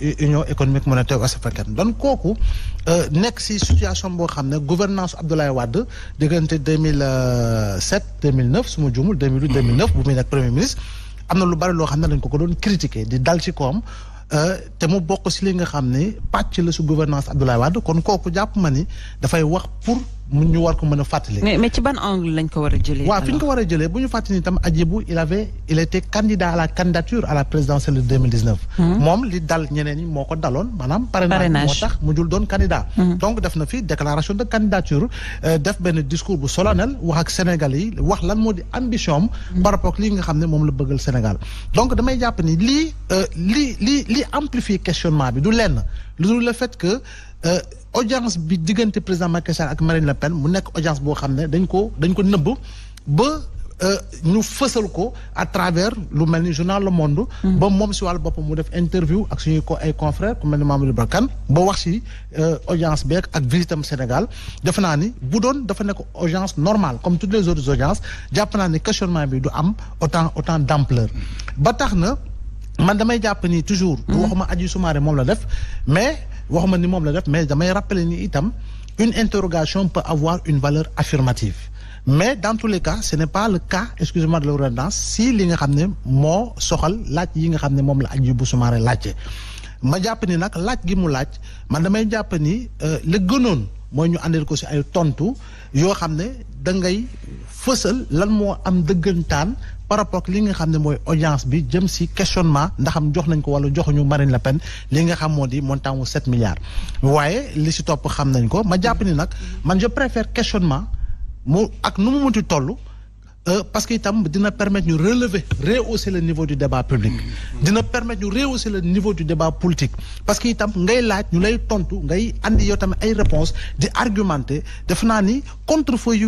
union économique monétaire ouest-africaine donc euh nek ci situation bo xamné gouvernance Abdoulaye Wade diggante 2007 2009 suma ma 2008 2009 bu muy premier ministre amna lu bari lo xamné dañ ko ko don critiquer di dal ci euh té mu bokk ci li nga xamné patch la su gouvernance Abdoulaye Wade kon kooku japp mani ni fay wax pour mu ñu war ko mën a fàttali. mais mais ci ban angle lañ ko war a jëlee. waaw fi ñu ko war a jëlee bu ñu fàttali itam Hadjibou il avait il était candidat à la candidature à la présidentielle de 2019. Hmm. moom li dal ñeneen moo ko daloon maanaam. parrainage moo tax mu jul doon candidat. Hmm. donc def na fi déclaration de candidature euh, def benn discours bu solennel wax ak Sénégal yi wax lan moo di ambition am. Hmm. par rapport lii nga xam ne moom la bëggal Sénégal donc damay jàpp n euh, lii lii lii lii amplifier questionnement bi du lenn. lu le fait que euh, audience bi diggante président Macky Sall ak Marine Le Pen mu nek audience bo xamné dañ ko dañ ko nëbb ba euh, ñu fësal ko à travers le journal Le Monde. Mm. ba moom si wàllu boppam mu def interview ak suñuy ko ay confrères ku mel ni Mamadou Bakane ba wax si euh, audience beeg ak visitam Sénégal defe naa ni bu doon dafa nekk audience normale comme toutes les autres audiences jàpp naa ni questionnement bi du am autant autant d'ampleur ba tax man damay japp ni toujours. Hmm. waxuma aji Soumaré la mais la une interrogation peut avoir une valeur affirmative mais dans tous les cas ce n'est pas le cas excusez-moi de la si li nga xamné ne soxal laaj yi nga xamné mom la aji bu Soumaré ma japp ni nak laaj gi mu laaj man damay ni euh, le mooy ñu àndal ko si ay tontu yoo xam ne da ngay fësal lan moo am dëggantaan par rapport li nga xam ne mooy audience bi jëm si questionnement ndaxam jox nañ ko wala joxu ñu Marine la Pen li nga xam moo di montant wu 7 milliards. waaye li si topp xam nañ ko ma jàpp ni nag man je préfère questionnement mu ak nu mu munti toll. Euh, parce que tam dina permettre de relever rehausser le niveau du débat public dina permettre de rehausser le niveau du débat politique parce que tam ngay laaj ñu lay tontu ngay andi yow tam ay réponse di argumenter def contre-feu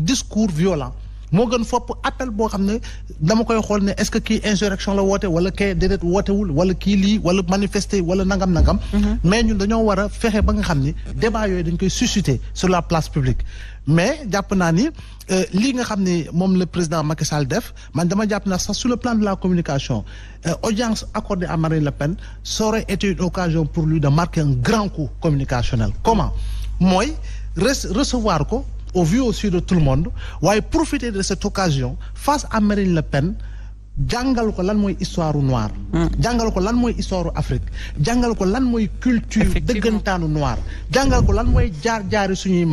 discours violent moi, gën fop appel bo xamné dama koy xol né est-ce que qui insurrection la woté wala kay woté wul wala ki li wala manifester wala nangam nangam. Mhm. mais ñun dañoo wara fexé ba nga xamné débat yoy dañ koy susciter sur la place publique. mais japp na ni euh, li nga xamné mom le président Macky Sall def man dama japp na sur le plan de la communication euh, audience accordée à Marine Le Pen serait aurait été une occasion pour lui de marquer un grand coup communicationnel comment Moi, recevoir ko au vu aussi de tout le monde waaye profiter de cette occasion face à Marine Le Pen Django ko lan histoire noire. Django hmm. ko lan moy histoire Afrique Django ko lan moy culture de noire Django ko lan moy jar suñuy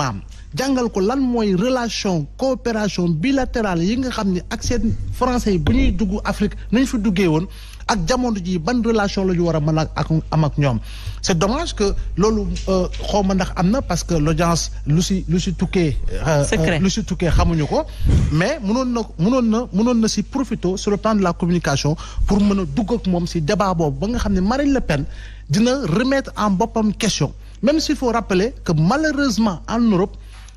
jangal ko lan moy relation coopération bilatérale yi nga xamni ak seen français bu ñuy dugg Afrique nañ fi duggé won ak jamono ji ban relation la ñu war ak am ak ñom c'est dommage que lolu euh, xaw ma ndax parce que l'audience lucy lucy euh, euh, lu si tukkee xamuñu ko mais mënon na mënon na mënon na si profito sur le plan de la communication pour mëna dugg ak mom si débat boobu ba nga xamni Marine Le Pen dina remettre en bopam question même s'il faut rappeler que malheureusement en Europe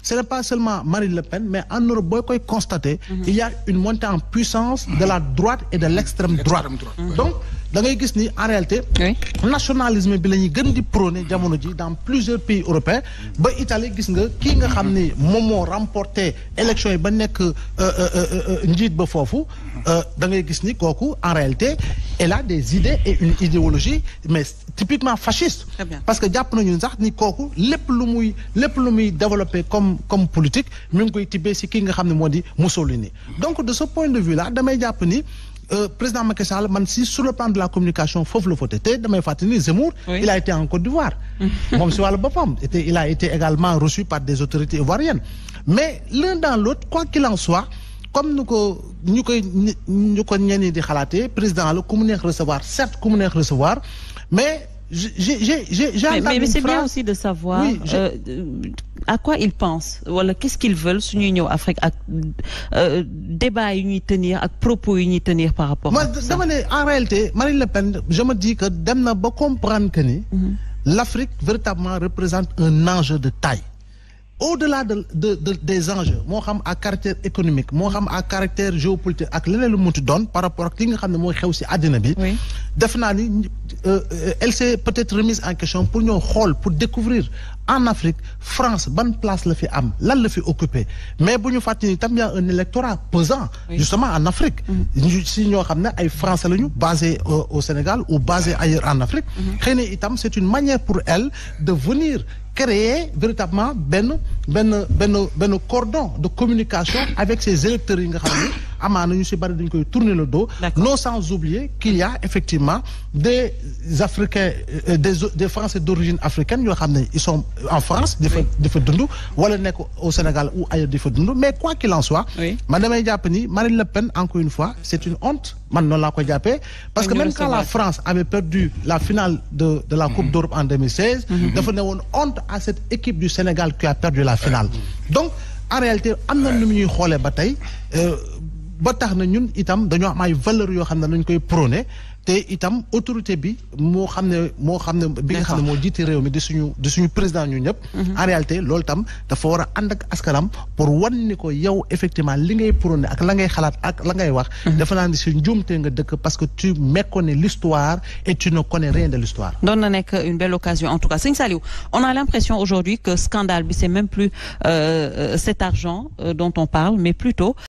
ce n'est pas seulement Marine Le Pen, mais en Europe, mhm. il y a une montée en puissance de la droite et de l'extrême droite da ngay gis ni en réalité. nationalisme bi lañuy gën di prôner jamono ji dans plusieurs pays européens. ba Italie gis nga kii nga xam ni moom moo remporté élection yi ba nekk euh, euh, euh, njiit ba foofu. da ngay gis ni kooku en réalité elle a des idées et une idéologie mais typiquement fasciste. parce que jàpp nañu sax ni kooku lépp lu muy lépp lu muy développé comme comme politique mi ngi koy tibbee si kii nga xam ne moo di Mussolini donc de ce point de vue là damay jàpp ni. Euh, président Macky Sall man si sur le plan de la communication il a été en Côte d'Ivoire. il a été également reçu par des autorités ivoiriennes mais l'un dans l'autre quoi qu'il en soit comme nous connaissons les le président a le mu recevoir certes recevoir mais mais, c'est bien aussi de savoir euh, à quoi ils pensent qu'est-ce qu'ils veulent sur l'Union Afrique euh, débat à tenir propos tenir par rapport à ça. en réalité Marine Le Pen je me dis que que mhm. l'Afrique véritablement représente un enjeu de taille au-delà des enjeux moi xam à caractère économique moi xam à caractère géopolitique à quel le monde par rapport à ce que xam aussi à xew euh, euh, elle s'est peut-être remise en question pour ñoo rôle pour découvrir en Afrique France bonne place la fait, am lan la fi occupé mais bu ñu y a un électorat pesant justement en Afrique mm-hmm. si nous avons un français la basé au Sénégal ou basé ailleurs en Afrique mm-hmm. c'est une manière pour elle de venir créer véritablement ben ben cordon de communication avec ces électeurs ñu tourner le dos non sans oublier qu'il y a effectivement des africains euh, des français d'origine africaine ils sont en France Ou au Sénégal ou ailleurs mais quoi qu'il en soit Madame Marine Le Pen encore une fois c'est une honte parce que même quand la France avait perdu la finale de la Coupe mhm. d'Europe en 2016 y ne une honte à cette équipe du Sénégal qui a perdu la finale donc en réalité am na une ñuy ba tax na ñun itam dañoo am ay valeur yoo xam dañ koy prôné te itam autorité bi président en réalité tam ak pour ko yow effectivement li ngay ak la ngay ak la ngay wax mhm. nga dëkk parce que tu méconnais l'histoire et tu ne connais rien de l'histoire doon na une belle occasion en tout cas Seigne Saliou on a l'impression aujourd'hui que scandale bi c'est même plus euh, euh cet argent euh, dont on parle mais plutôt